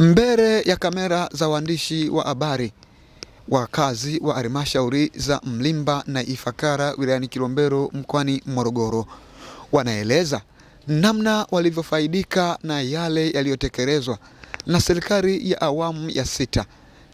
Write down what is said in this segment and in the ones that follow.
Mbele ya kamera za waandishi wa habari, wakazi wa halmashauri za Mlimba na Ifakara wilayani Kilombero mkoani Morogoro wanaeleza namna walivyofaidika na yale yaliyotekelezwa na serikali ya awamu ya sita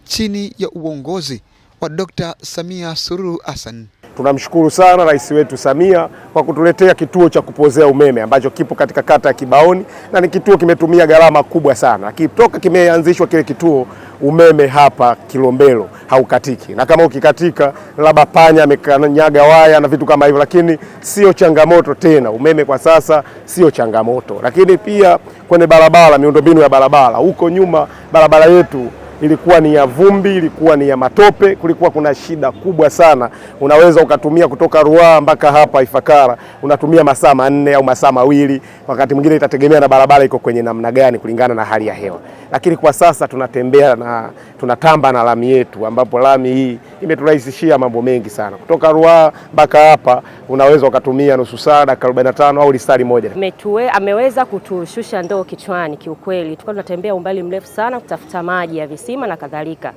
chini ya uongozi wa Dr. Samia Suluhu Hassan. Tunamshukuru sana rais wetu Samia kwa kutuletea kituo cha kupozea umeme ambacho kipo katika kata ya Kibaoni na ni kituo kimetumia gharama kubwa sana. Kitoka kimeanzishwa kile kituo, umeme hapa Kilombero haukatiki, na kama ukikatika labda panya amekanyaga waya na vitu kama hivyo, lakini sio changamoto tena. Umeme kwa sasa sio changamoto, lakini pia kwenye barabara, miundombinu ya barabara, huko nyuma barabara yetu ilikuwa ni ya vumbi, ilikuwa ni ya matope, kulikuwa kuna shida kubwa sana. Unaweza ukatumia kutoka Ruaha mpaka hapa Ifakara unatumia masaa manne au masaa mawili, wakati mwingine itategemea na barabara iko kwenye namna gani, kulingana na hali ya hewa. Lakini kwa sasa tunatembea na tunatamba na lami yetu, ambapo lami hii imeturahisishia mambo mengi sana. Kutoka Ruaha mpaka hapa unaweza ukatumia nusu saa, dakika 45 au lisari moja. Metue, ameweza kutushusha ndoo kichwani, kiukweli tulikuwa tunatembea umbali mrefu sana kutafuta maji ya visi visima na kadhalika.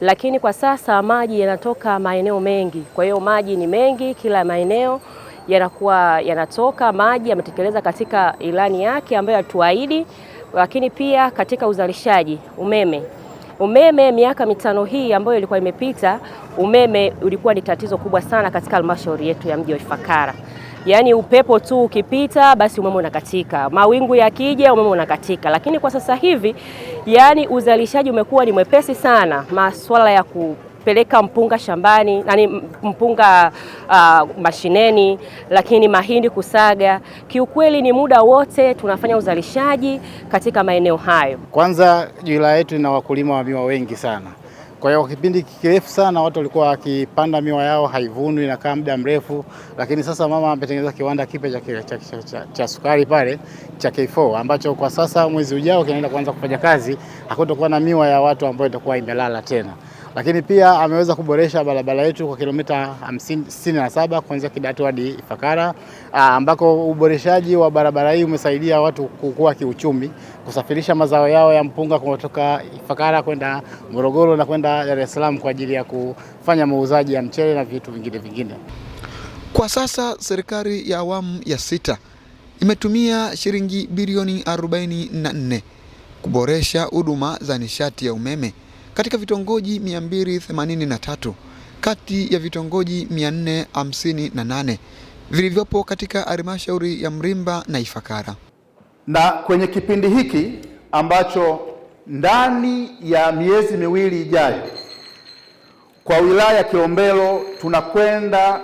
Lakini kwa sasa maji yanatoka maeneo mengi, kwa hiyo maji ni mengi, kila maeneo yanakuwa yanatoka maji, yametekeleza katika ilani yake ambayo atuahidi, lakini pia katika uzalishaji umeme umeme miaka mitano hii ambayo ilikuwa imepita, umeme ulikuwa ni tatizo kubwa sana katika halmashauri yetu ya mji wa Ifakara yaani upepo tu ukipita basi umeme unakatika, mawingu yakija umeme unakatika. Lakini kwa sasa hivi yani uzalishaji umekuwa ni mwepesi sana, masuala ya ku peleka mpunga shambani, nani mpunga uh, mashineni, lakini mahindi kusaga. Kiukweli ni muda wote tunafanya uzalishaji katika maeneo hayo. Kwanza, jila yetu ina wakulima wa miwa wengi sana. Kwa hiyo kipindi kirefu sana watu walikuwa wakipanda miwa yao haivunwi, inakaa muda mrefu, lakini sasa mama ametengeneza kiwanda kipya cha, cha, cha, cha, cha sukari pale cha K4 ambacho kwa sasa mwezi ujao kinaenda kuanza kufanya kazi. Hakutokuwa na miwa ya watu ambayo itakuwa imelala tena lakini pia ameweza kuboresha barabara yetu kwa kilomita 67 kuanzia Kidatu hadi Ifakara, ah, ambako uboreshaji wa barabara hii umesaidia watu kukua kiuchumi, kusafirisha mazao yao ya mpunga kutoka Ifakara kwenda Morogoro na kwenda Dar es Salaam kwa ajili ya kufanya mauzaji ya mchele na vitu vingine vingine. Kwa sasa serikali ya awamu ya sita imetumia shilingi bilioni 44 kuboresha huduma za nishati ya umeme katika vitongoji 283 kati ya vitongoji 458 vilivyopo katika halmashauri ya mrimba na Ifakara. Na kwenye kipindi hiki ambacho ndani ya miezi miwili ijayo kwa wilaya ya Kilombero tunakwenda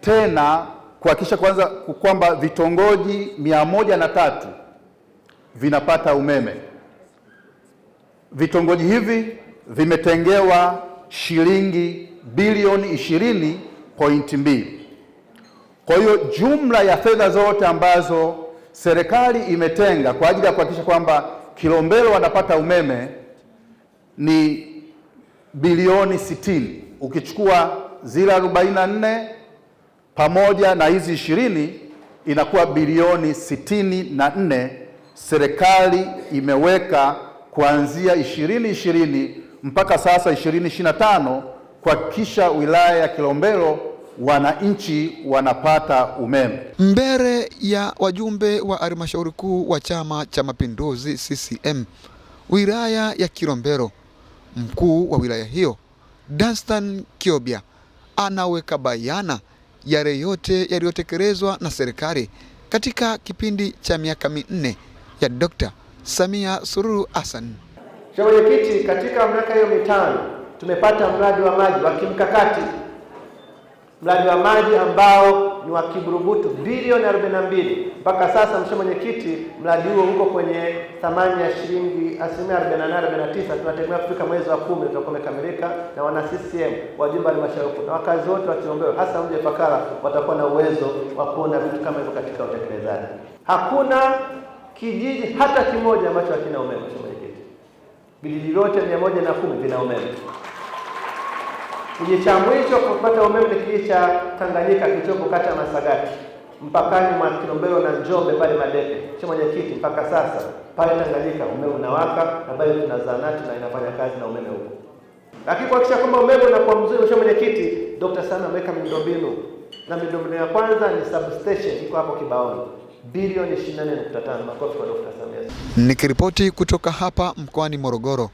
tena kuhakikisha kwanza kwamba vitongoji mia moja na tatu vinapata umeme. Vitongoji hivi vimetengewa shilingi bilioni ishirini pointi mbili. Kwa hiyo jumla ya fedha zote ambazo serikali imetenga kwa ajili ya kuhakikisha kwamba Kilombero wanapata umeme ni bilioni sitini ukichukua zile 44 pamoja na hizi ishirini inakuwa bilioni sitini na nne serikali imeweka kuanzia ishirini ishirini mpaka sasa 2025 kuhakikisha wilaya ya Kilombero wananchi wanapata umeme. Mbele ya wajumbe wa halmashauri kuu wa Chama cha Mapinduzi CCM wilaya ya Kilombero, mkuu wa wilaya hiyo Danstan Kiobia anaweka bayana yale yote yaliyotekelezwa na serikali katika kipindi cha miaka minne ya Dr. Samia Suluhu Hassan. Mwenyekiti, katika miaka hiyo mitano tumepata mradi wa maji wa kimkakati, mradi wa maji ambao ni wa kiburubutu bilioni 42. Mpaka sasa, mheshimiwa mwenyekiti, mradi huo uko kwenye thamani ya shilingi asilimia 48, Tunategemea kufika mwezi wa kumi tutakuwa umekamilika, na wana CCM wajumbe wa halmashauri na wakazi wote wa Kilombero, hasa mji Ifakara, watakuwa na uwezo wa kuona vitu kama hivyo katika utekelezaji. Hakuna kijiji hata kimoja ambacho hakina umeme vijiji vyote mia moja na kumi vina umeme. Kijiji cha mwisho kupata umeme ni kijiji cha Tanganyika kilichopo kata Masagati mpakani mwa Kilombero na Njombe pale Madeke. Cha mwenyekiti, mpaka sasa pale Tanganyika umeme unawaka na bado tuna zanati na inafanya kazi na umeme huko, lakini kuhakikisha kwamba umeme unakuwa mzuri. Cha mwenyekiti, Dr. Sana ameweka miundombinu na miundombinu ya kwanza ni substation iko hapo Kibaoni bilioni 24.5. Makofi kwa Dr. Samia. Nikiripoti kutoka hapa mkoani Morogoro,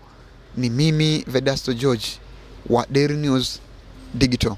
ni mimi Vedasto George wa Daily News Digital.